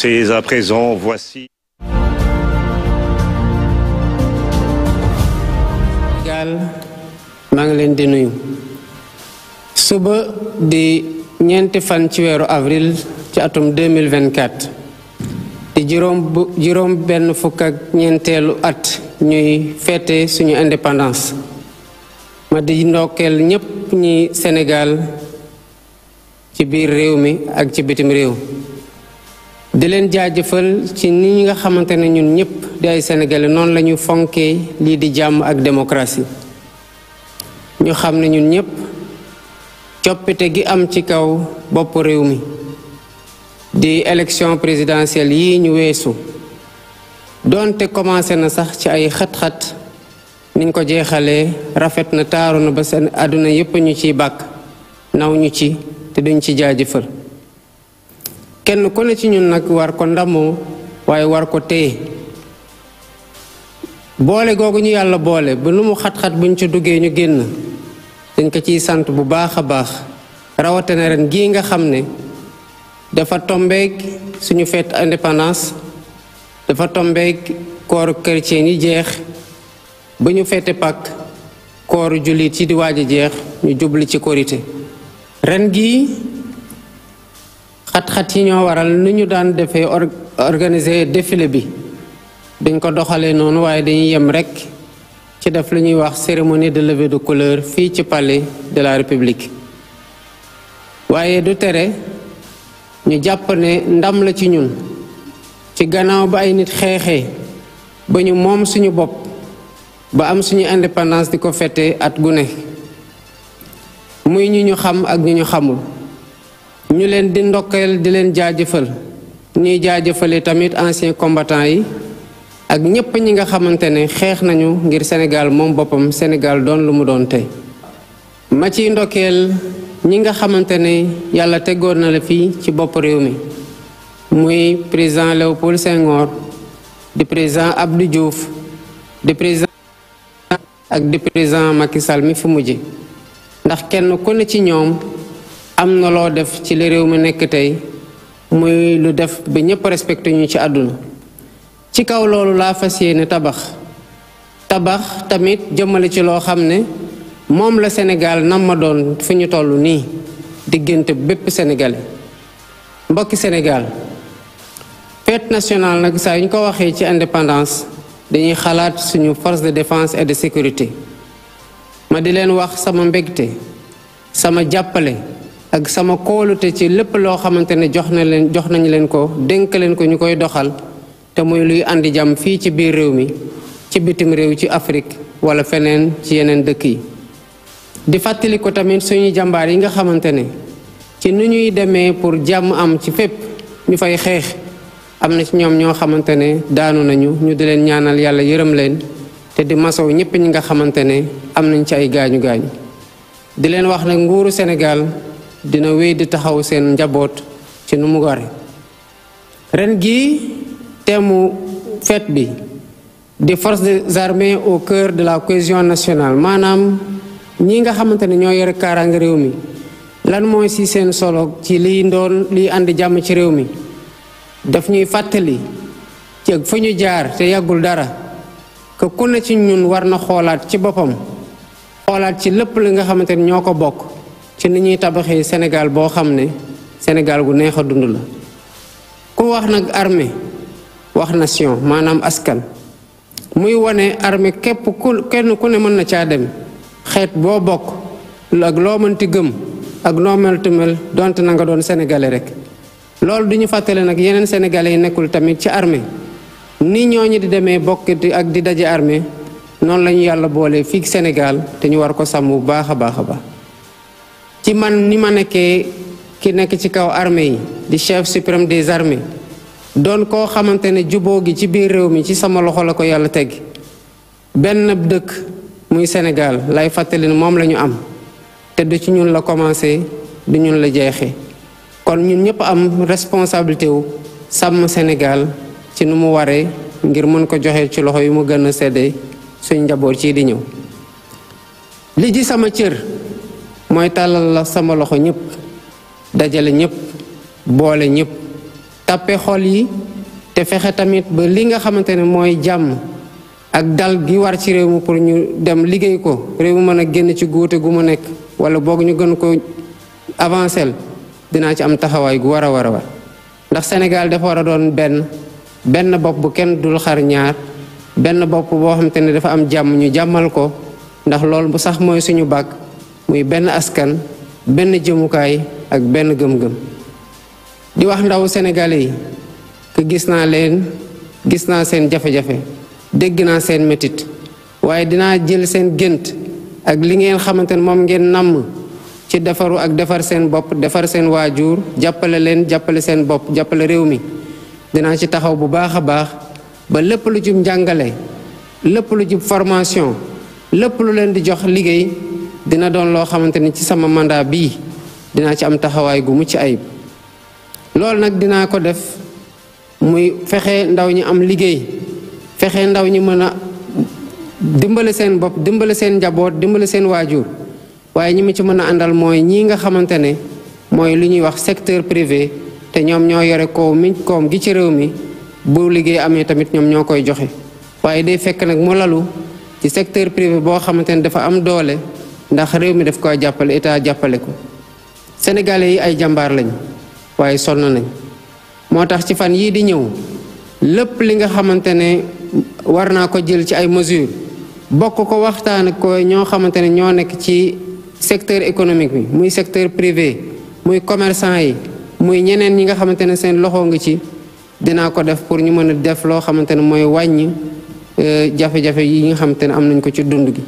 C'est à présent, maa ngi leen di nuyu suba di ñeenti fan ci weeru avril ci atum 2024 di juróom juróom benn fukk ak ñeenteelu at ñuy feete suñu indépendance ma di ndokkeel ñépp ñi Sénégal ci biir réew mi ak ci bitim réew di leen jaajëfal ci ni nga xamante ne ñun ñëpp di ay sénégalais noonu la ñu fonkee lii di jàmm ak démocratie ñu xam ne ñun ñëpp coppite gi am ci kaw bopp réew mi di élection présidentielle yi ñu weesu doonte commencé na sax ci ay xat-xat niñ ko jeexalee rafet na taaru na ba seen àdduna yépp ñu ciy bàkk naw ñu ci te duñ ci jaajëfal kenn ku ne ci ñu nag war ko ndamoo waaye war ko téye boole googu ñu yàlla boole ba lu mu xat-xat buñ ci duggee ñu génn dañ ko ciy sant bu baax a baax rawatina ren gii nga xam ne dafa tombeeg suñu fête indépendance dafa tombeeg kooru chrétien yi jeex ba ñu fete Pâques kooru jullit yi di waaj a jeex ñu jubli ci korité ren gii xat-xat yi ñoo waral nu ñu daan defee organiser défilé bi dañ ko doxalee noonu waaye dañuy yem rekk ci def lu ñuy wax cérémonie de levée de couleur fii ci palais de la république waaye du tere ñu jàpp ne ndam la ci ñun ci gannaaw ba ay nit xeexee ba ñu moom suñu bopp ba am suñu indépendance di ko fete at gu muy ñu ñu xam ak ñu ñu xamul ñu leen di ndokkeel di leen jaajëfal ñuy jaajëfale tamit anciens combattants yi ak ñépp ñi nga xamante ne xeex nañu ngir Sénégal moom boppam Sénégal doon lu mu doon tey ma ciy ndokkeel ñi nga xamante ne yàlla tegoon na la fii ci bopp réew mi muy président Léopold Senghor di président Abdou Diouf di président ak di président Macky Sall mi fi mujj ndax kenn ku ne ci ñoom am na loo def ci li réew mi nekk tey muy lu def ba ñépp respecté ñu ci àdduna ci kaw loolu laa fas yéene tabax tabax tamit jëmale ci loo xam ne moom la Sénégal nam ma doon fi ñu toll nii diggante bépp sénégalais mbokki Sénégal fête nationale nag saa yu ñu ko waxee ci indépendance dañuy xalaat suñu force de défense et de sécurité ma di leen wax sama mbégte sama jàppale ak sama kóolute ci lépp loo xamante ne jox na leen jox nañu leen ko dénk leen ko ñu koy doxal te muy luy indi jàmm fii ci biir réew mi ci bitim réew ci Afrique wala feneen ci yeneen dëkk yi. di fàttali ko tamit suñuy jàmbaar yi nga xamante ne ci nu ñuy demee pour jàmm am ci fépp ñu fay xeex am na ci ñoom ñoo xamante ne daanu nañu ñu di leen ñaanal yàlla yërëm leen te di masow ñëpp ñi nga xamante ne am nañ ci ay gaañu gaañu di leen wax nag nguuru Sénégal. dina wéy di taxaw seen njaboot ci nu mu gore ren gi teemu fête bi des forces des armées au cœur de la cohésion nationale maanaam ñi nga xamante ne ñoo yore kaaraange réew mi lan mooy si seen solo ci liy ndoon liy ànd jàmm ci réew mi daf ñuy fàttali ci fa ñu jaar te yàggul dara que ku ne ci ñun war na xoolaat ci boppam xoolaat ci lépp li nga xamante ne ñoo ko bokk ci ni ñuy tabaxee Sénégal boo xam ne Sénégal gu neex a dund la ku wax nag armée wax nation maanaam askan muy wane arme képp ku kenn ku ne mën na caa dem xeet boo bokk ak loo mënti gëm ak noo meltu mel donte na nga doon sénégalais rek loolu du ñu fàttale nag yeneen sénégalais yi nekkul tamit ci armée ni ñooñu di demee bokkati ak di daje armée noonu la ñu yàlla boolee fii Sénégal te ñu war ko sàmm bu baax a baax a baax. ci man ni ma nekkee ki nekk ci kaw armée yi di chef suprême des armées doon koo xamante ne juboo gi ci biir réew mi ci sama loxo la ko yàlla teg benn dëkk muy Sénégal lay fàttalin moom lañu am te du ci ñun la commencé du ñun la jeexee kon ñun ñëpp am responsabilité wu sàmm Sénégal ci ni mu waree ngir mën ko joxe ci loxo yi mu gën a sedde suñ njaboot ci di ñëw li ji sama cër mooy tàllal la sama loxo ñëpp dajale ñëpp boole ñëpp tàppe xol yi te fexe tamit ba li nga xamante ne mooy jàmm ak dal gi war ci réew mi pour ñu dem liggéey ko réew mi mën a génn ci góote gu mu nekk wala boog ñu gën ko avancel dinaa ci am taxawaay gu war a war a war ndax Sénégal dafa war a doon benn benn bopp bu kenn dul xar ñaar benn bopp boo xamante ne dafa am jàmm ñu jàmmal ko ndax loolu sax mooy suñu bàkk muy benn askan benn jëmukaay ak benn gëm-gëm di wax ndaw sénégalais yi que gis naa leen gis naa seen jafe-jafe dégg naa seen metit waaye dinaa jël seen gént ak li ngeen xamante ne moom ngeen namm ci defaru ak defar seen bopp defar seen waajur jàppale leen jàppale seen bopp jàppale réew mi dinaa ci taxaw bu baax a baax ba lépp lu jub njàngale lépp lu jub formation lépp lu leen di jox liggéey dina doon loo xamante ni ci sama mandat bii dinaa ci am taxawaay gu mucc ayib loolu nag dinaa ko def muy fexe ndaw ñi am liggéey fexe ndaw ñi mën a dimbale seen bopp dimbale seen njaboot dimbale seen waajur waaye ñi ma ci mën a àndal mooy ñii nga xamante ne mooy li ñuy wax secteur privé te ñoom ñoo yore koow mi koom gi ci réew mi bu liggéey amee tamit ñoom ñoo koy joxe waaye day fekk nag mu lalu ci secteur privé boo xamante ne dafa am doole ndax réew mi def koy jàppale état jàppale ko sénégalais yi ay jàmbaar lañ waaye sonn nañ moo tax ci fan yii di ñëw lépp li nga xamante ne war naa ko jël ci ay mesures bokk ko waxtaan ko ñoo xamante ne ñoo nekk ci secteur économique bi muy secteur privé muy commerçant yi muy ñeneen ñi nga xamante ne seen loxo ngi ci dinaa ko def pour ñu mën a def loo xamante ne mooy wàññi euh, jafe-jafe yi nga xamante ne am nañ ko ci dund gi.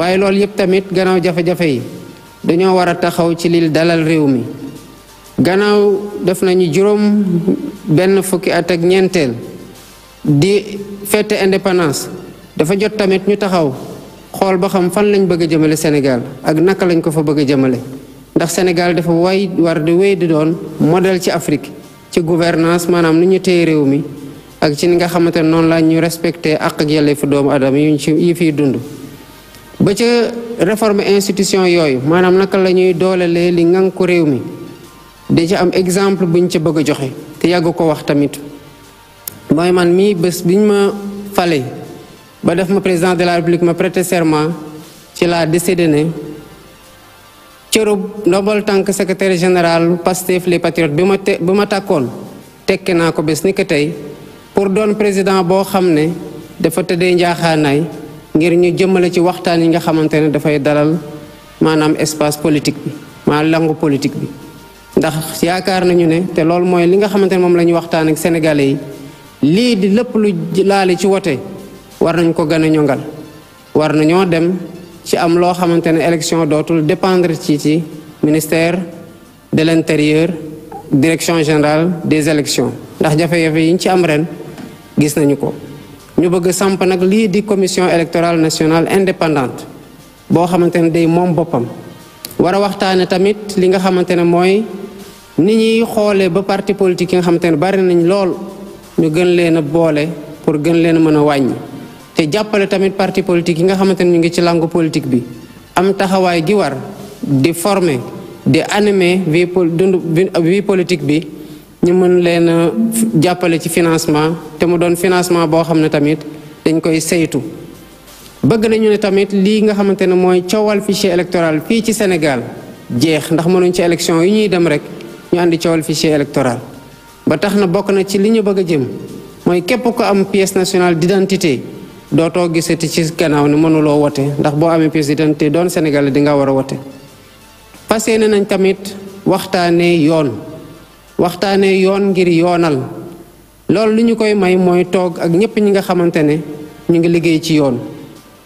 waaye loolu yëpp tamit gannaaw jafe-jafe yi dañoo war a taxaw ci lii dalal réew mi gannaaw def nañu juróom benn fukki at ak ñeenteel di fete indépendance dafa jot tamit ñu taxaw xool ba xam fan lañ bëgg a jëmale Sénégal ak naka lañ ko fa bëgg a jëmale ndax Sénégal dafa way war di wéy di doon modèle ci Afrique ci gouvernance maanaam nu ñu téye réew mi ak ci ni nga xamante noonu la ñu respecté ak ak fu doomu aadama yu ñu ci yi fiy dund ba ca réforme institution yooyu maanaam naka la ñuy doolelee li ngan réew mi da ci am exemple bu buñ ca bëgg a joxe te yàgg ko wax tamit mooy man mii bés biñ ma fale ba def ma président de la république ma prêter serment ci la décidé ne cërub ndombal tànk secretaire général Pastef les patriotes bi ma te bi ma takkoon tekke naa ko bés ni ko tey pour doon président boo xam ne dafa tëddee njaaxaanaay ngir ñu jëmmale ci waxtaan yi nga xamante ne dafay dalal maanaam espace politique bi maanaam langue politique bi ndax yaakaar nañu ne te loolu mooy li nga xamante ne moom la ñuy waxtaan ak sénégalais yi lii di lëpp lu laale ci wote war nañ ko gën a ñongal war nañoo dem ci am loo xamante ne élection dootul dépendre ci ci ministère de l'intérieur direction générale des élections ndax jafe-jafe yi ci am ren gis nañu ko ñu bëgg samp nag lii di commission électorale national indépendante boo xamante ne day moom boppam war a waxtaane tamit li nga xamante ne mooy ni ñuy xoolee ba parti politique yi nga xamante ne bari nañ lool ñu gën leen a boole pour gën leen mën a wàññ te jàppale tamit parti politique yi nga xamante ne ñu ngi ci langue politique bi am taxawaay gi war di former di animer vie vie politique bi ñu mën leen a jàppale ci financement te mu doon financement boo xam ne tamit dañ koy seytu bëgg nañu ne tamit lii nga xamante ne mooy coowal fichier électoral fii ci Sénégal jeex ndax mënuñ ci élection yi ñuy dem rek ñu àndi coowal fichier électoral ba tax na bokk na ci li ñu bëgg a jëm mooy képp ko am pièce nationale d'identité dootoo gisati ci gannaaw ne mënuloo wote ndax boo amee pièce d'identité doon Sénégal di nga war a wote fas ne nañ tamit waxtaanee yoon waxtaanee yoon ngir yoonal loolu li ñu koy may mooy toog ak ñépp ñi nga xamante ne ñu ngi liggéey ci yoon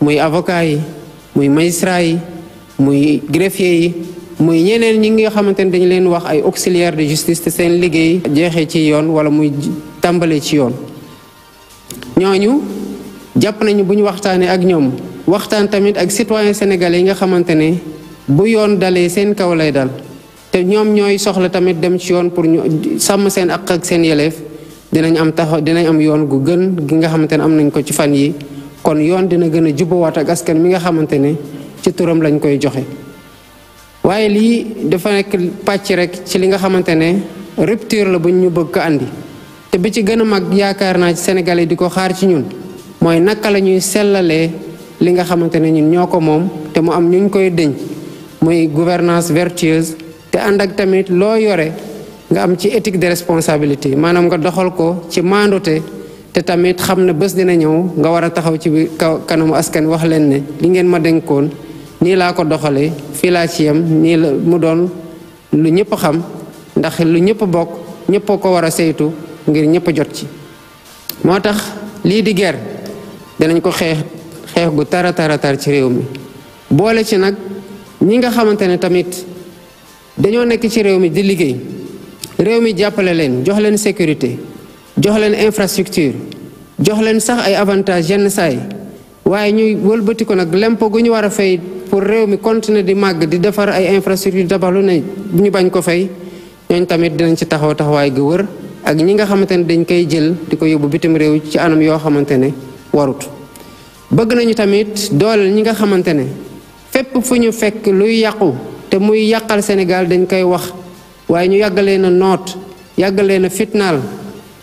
muy avocat yi muy magistrat yi muy greffier yi muy ñeneen ñi nga xamante ne dañu leen wax ay auxiliaire de justice te seen liggéey jeexee ci yoon wala muy tàmbale ci yoon ñooñu jàpp nañu bu ñu waxtaanee ak ñoom waxtaan tamit ak citoyen sénégalais yi nga xamante ne bu yoon dalee seen kaw lay dal te ñoom ñooy soxla tamit dem ci yoon pour ñu sàmm seen ak ak seen yeleef dinañ am taxaw dinañ am yoon gu gën gi nga xamante ne am nañ ko ci fan yi kon yoon dina gën a jubbawaat ak askan mi nga xamante ne ci turam lañ koy joxe waaye lii dafa nekk pàcc rek ci li nga xamante ne rupture la bu ñu bëgg ko àndi te bi ci gën a mag yaakaar naa ci sénégalais di ko xaar ci ñun mooy naka la ñuy sellalee li nga xamante ne ñun ñoo ko moom te mu am ñu koy dëñ muy gouvernance vertueuse te ànd ak tamit loo yore nga am ci étique de responsabilité maanaam nga doxal ko ci maandute te tamit xam ne bés dina ñëw nga war a taxaw ci bi kanamu askan wax leen ne li ngeen ma dénkoon nii laa ko doxalee fii laa ci yem nii la mu doon lu ñëpp xam ndax lu ñëpp bokk ñëpp ko war a saytu ngir ñëpp jot ci. moo tax lii di guerre dinañ ko xeex xeex gu tara tara tar ci réew mi boole ci nag ñi nga xamante ne tamit. dañoo nekk ci réew mi di liggéey réew mi jàppale leen jox leen sécurité jox leen infrastructure jox leen sax ay avantages yenn saay waaye ñuy wëlbati ko nag lempo gu ñu war a fay pour réew mi continuer di màgg di defar ay infrastructure tabax lu ne ñu bañ ko fay ñooñ tamit dinañ ci taxaw taxawaay gi wër ak ñi nga xamante ne dañ koy jël di ko yóbbu bitim réew ci anam yoo xamante ne warut. bëgg nañu tamit dooleel ñi nga xamante ne fépp fu ñu fekk luy yàqu. te muy yàqal Sénégal dañ koy wax waaye ñu yàggalee na noot yàggalee na fitnaal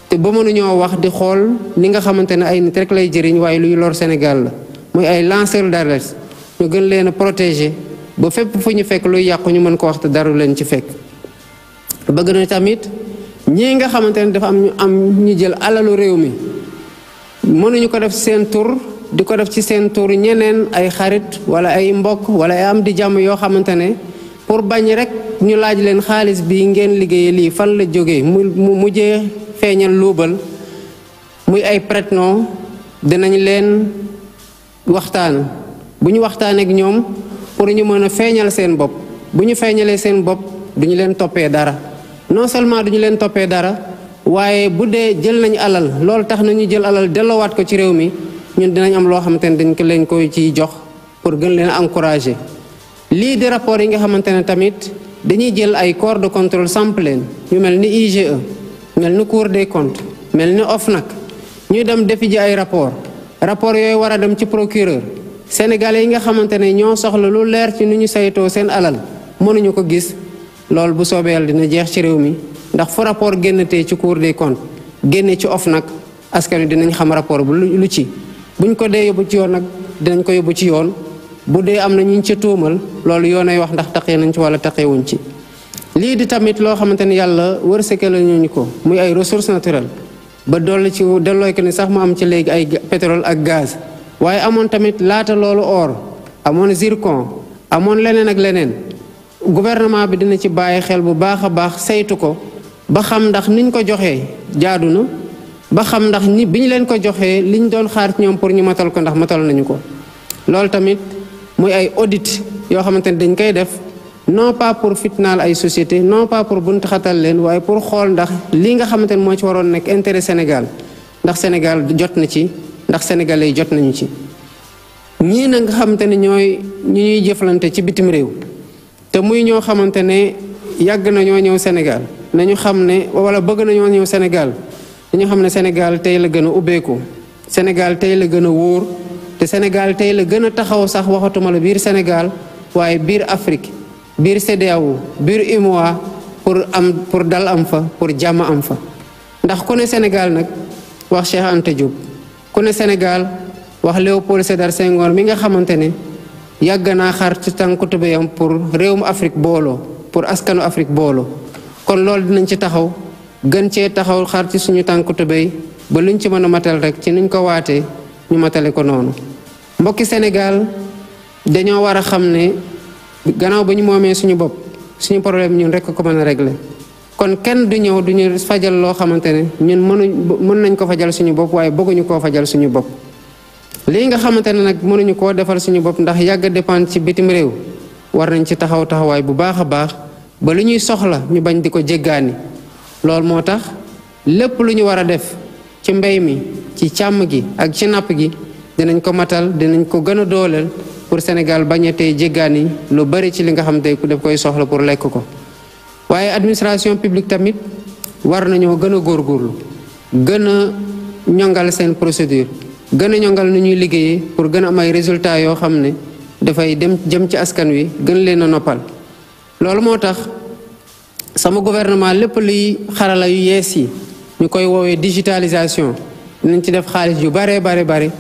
te ba mënuñoo wax di xool li nga xamante ne ay nit rek lay jëriñ waaye luy lor Sénégal la muy ay lanceur d'alerte ñu gën leen a protéger ba fépp fu ñu fekk luy yàqu ñu mën ko wax te daru leen ci fekk bëgg na tamit ñii nga xamante ne dafa am ñu am ñu jël alalu réew mi mënuñu ko def seen tur di ko def ci seen tur ñeneen ay xarit wala ay mbokk wala ay am di jàmm yoo xamante ne pour bañ rek ñu laaj leen xaalis bi ngeen liggéeyee lii fan la jógee mu mu mujjee feeñal luubal muy ay prête-nom dinañ leen waxtaan bu ñu waxtaan ak ñoom pour ñu mën a feeñal seen bopp bu ñu feeñalee seen bopp duñu leen toppee dara non seulement duñu leen toppee dara waaye bu dee jël nañu alal loolu tax nañu jël alal delloowaat ko ci réew mi ñun dinañ am loo xamante ne dañ ko leen koy ciy jox pour gën leen encourager lii di rapport yi nga xamante ne tamit dañuy jël ay corps de contrôle samp leen ñu mel ni IGE mel ni Cour des comptes mel ni nag ñu dem defi ji ay rapport rapport yooyu war a dem ci procureur sénégalais yi nga xamante ne ñoo soxla lu leer ci nu ñu saytoo seen alal mënuñu ko gis loolu bu soobee yàlla dina jeex ci réew mi ndax fu rapport génnatee ci Cour des comptes génne ci nag askan wi dinañ xam rapport bu lu ci buñ ko dee yóbbu ci yoon nag dinañ ko yóbbu ci yoon bu dee am na ñu ci tuumal loolu yoonay wax ndax taqee nañ ci wala wuñ ci lii di tamit loo xamante ni yàlla wërsëgal ñu ñu ko muy ay ressources naturelles ba dolli ci dellooy ni sax mu am ci léegi ay pétrole ak gaz waaye amoon tamit laata loolu or amoon zircon amoon leneen ak leneen gouvernement bi dina ci bàyyi xel bu baax a baax saytu ko ba xam ndax niñ ko joxee jaadu na ba xam ndax ni biñ leen ko joxee liñ doon xaar ñoom pour ñu matal ko ndax matal nañu ko loolu tamit muy ay audit yoo xamante ne dañ koy def non pas pour fitnaal ay société non pas pour bunt xatal leen waaye pour xool ndax lii nga xamante ne moo ci waroon nekk intérêt Sénégal ndax Sénégal jot na ci ndax sénégalais yi jot nañu ci ñii na nga xamante ne ñooy ñu ñuy jëflante ci bitim réew te muy ñoo xamante ne yàgg nañoo ñëw Sénégal nañu xam ne wala bëgg nañoo ñëw Sénégal dañu xam ne Sénégal tey la gën a ubbeeku Sénégal tey la gën a wóor te Sénégal tey la gën a taxaw sax waxatuma la biir senegal waaye biir Afrique biir CEDEAO biir UMOA pour am pour dal am fa pour jàmm am fa ndax ku ne Sénégal nag wax Cheikh Anta Diop ku ne Sénégal wax Léopold Sédar Senghor mi nga xamante ne yàgg naa xar ci tànku tubéyam pour réewum Afrique booloo pour askanu Afrique booloo kon loolu dinañ ci taxaw gën cee taxaw xar ci suñu tànku tubéy ba luñ ci mën a matal rek ci nuñ ko waatee ñu matale ko noonu mbokki Sénégal dañoo war a xam ne gannaaw ba ñu moomee suñu bopp suñu problème ñun rek ko mën a régler kon kenn du ñëw duñu fajal loo xamante ne ñun mënuñ mën nañ ko fajal suñu bopp waaye bëgguñu koo fajal suñu bopp. lii nga xamante ne nag mënuñu koo defal suñu bopp ndax yàgg dépendre ci bitim réew war nañ ci taxaw taxawaay bu baax a baax ba lu ñuy soxla ñu bañ di ko jéggaani loolu moo tax lépp lu ñu war a def ci mbéy mi ci càmm gi ak ci napp gi. dinañ ko matal dinañ ko gën a dooleel pour Sénégal bañ a tey jéggaani lu bëri ci li nga xam te ku daf koy soxla pour lekk ko waaye administration publique tamit war nañoo gën a góorgóorlu gën a ñongal seen procédure gën a ñongal nu ñuy liggéeyee pour gën a am résultats yoo xam ne dafay dem jëm ci askan wi gën leen a noppal loolu moo tax sama gouvernement lépp luy xarala yu yees yi ñu koy woowee digitalisation dinañ ci def xaalis yu bare bare bare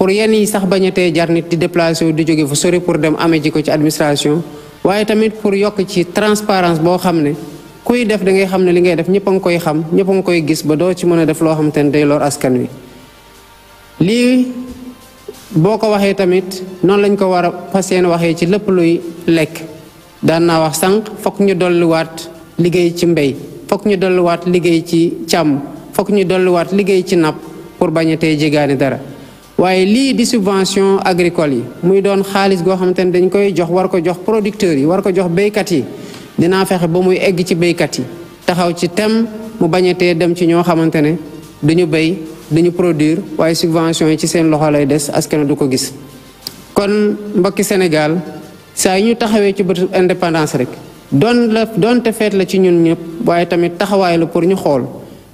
pour yenn yi sax bañ tee jar nit di déplacé wu di jóge fu sori pour dem amee ji ko ci administration waaye tamit pour yokk ci transparence boo xam ne kuy def da ngay xam ne li ngay def ñëpp a nga koy xam ñëpp a koy gis ba doo ci mën a def loo xam te ne day lor askan wi lii boo ko waxee tamit noonu lañ ko war a fas waxee ci lépp luy lekk daan naa wax sànq fokk ñu dolliwaat liggéey ci mbéy fokk ñu dolliwaat liggéey ci càmm fokk ñu dolliwaat liggéey ci napp pour bañ a tey jégaani dara waaye lii di subvention agricole yi muy doon xaalis goo xamante ne dañ koy jox war ko jox producteurs yi war ko jox béykat yi dinaa fexe ba muy egg ci béykat yi taxaw ci tem mu bañatee dem ci ñoo xamante ne duñu béy duñu produire waaye subvention yi ci seen loxo lay des askan du ko gis kon mbokki Sénégal saa yi ñu taxawee ci bëtu indépendance rek doon la doonte feet la ci ñun ñëpp waaye tamit taxawaay la pour ñu xool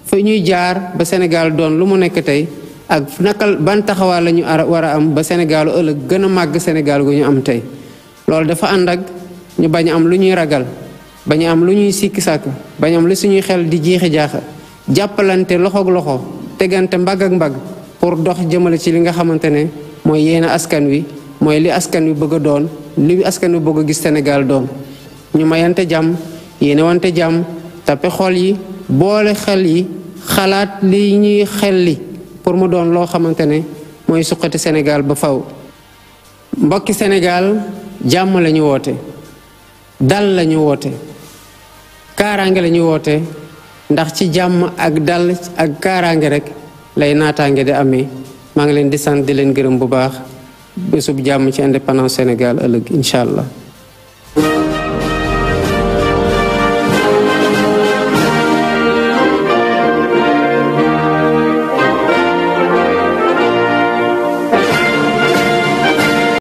fa ñuy jaar ba Sénégal doon lu mu nekk tey ak nakal ban taxawaa la ñu war a am ba Sénégal ëllëg gën a màgg Sénégal gu ñu am tey loolu dafa ànd ak ñu bañ am lu ñuy ragal bañ am lu ñuy sikki sàkk bañ am lu suñuy xel di jiixi jaaxa jàppalante loxoog loxo tegante mbagg ak mbagg pour dox jëmale ci li nga xamante ne mooy yéene askan wi mooy li askan wi bëgg a doon li askan wi bëgg a gis Sénégal doon ñu mayante jàmm yéene wante jàmm tappe xool yi boole xel yi xalaat li ñuy xel li pour mu doon loo xamante ne mooy suqati Sénégal ba faw mbokki Sénégal jàmm la ñu woote dal la ñu woote kaaraange la ñu woote ndax ci jàmm ak dal ak kaaraange rek lay naataange di amee maa ngi leen di sant di leen gërëm bu baax bésub jàmm ci indépendance Sénégal ëllëg incha allah